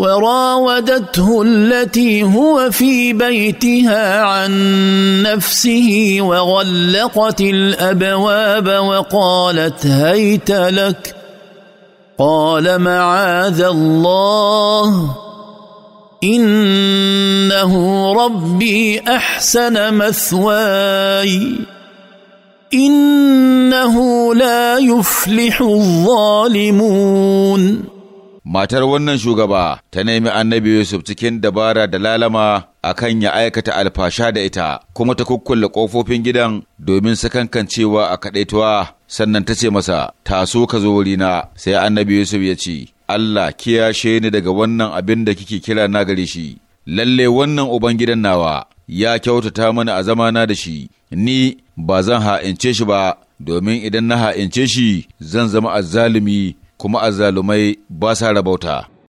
وراودته التي هو في بيتها عن نفسه وغلقت الابواب وقالت هيت لك قال معاذ الله انه ربي احسن مثواي انه لا يفلح الظالمون matar wannan shugaba ta nemi annabi Yusuf cikin dabara da lalama a kan ya aikata alfasha da ita kuma ta kukkulle ƙofofin gidan domin sakankancewa a kaɗaituwa sannan ta ce masa taso ka zo wurina sai annabi Yusuf ya ce Allah kiyashe ni daga wannan abin da kike kira na gare shi lalle wannan uban gidan nawa ya kyautata mana a zamana da shi ni ba zan ha'ince shi ba domin idan na ha'ince shi zan zama azzalumi kuma azzalumai ba sa rabauta.